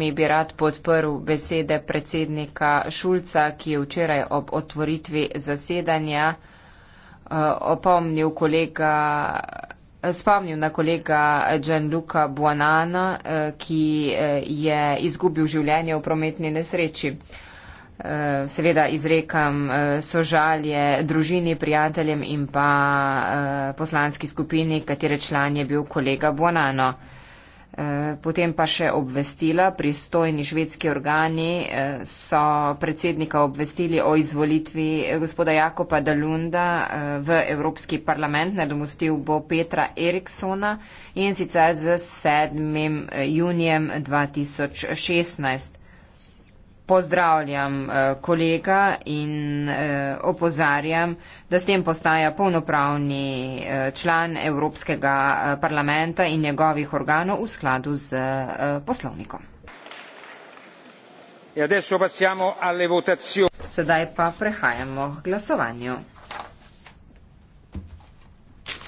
Mi bi rad podprl besede predsednika Šulca, ki je včeraj ob otvoritvi zasedanja eh, opomnil kolega, spomnil na kolega Gianluca Buonana, eh, ki eh, je izgubil življenje v prometni nesreči. Seveda izrekam sožalje družini, prijateljem in pa poslanski skupini, katere član je bil kolega Buonano. Eh, potem pa še obvestila, pristojni švedski organi eh, so predsednika obvestili o izvolitvi eh, gospoda Jakopa Dalunda v Evropski parlament, nadomostil bo Petra Eriksona in sicer z 7. junijem 2016 pozdravljam eh, kolega in eh, opozarjam, da s tem postaja polnopravni eh, član Evropskega parlamenta in njegovih organov v skladu z poslovnikom. E Sedaj pa prehajamo k glasovanju.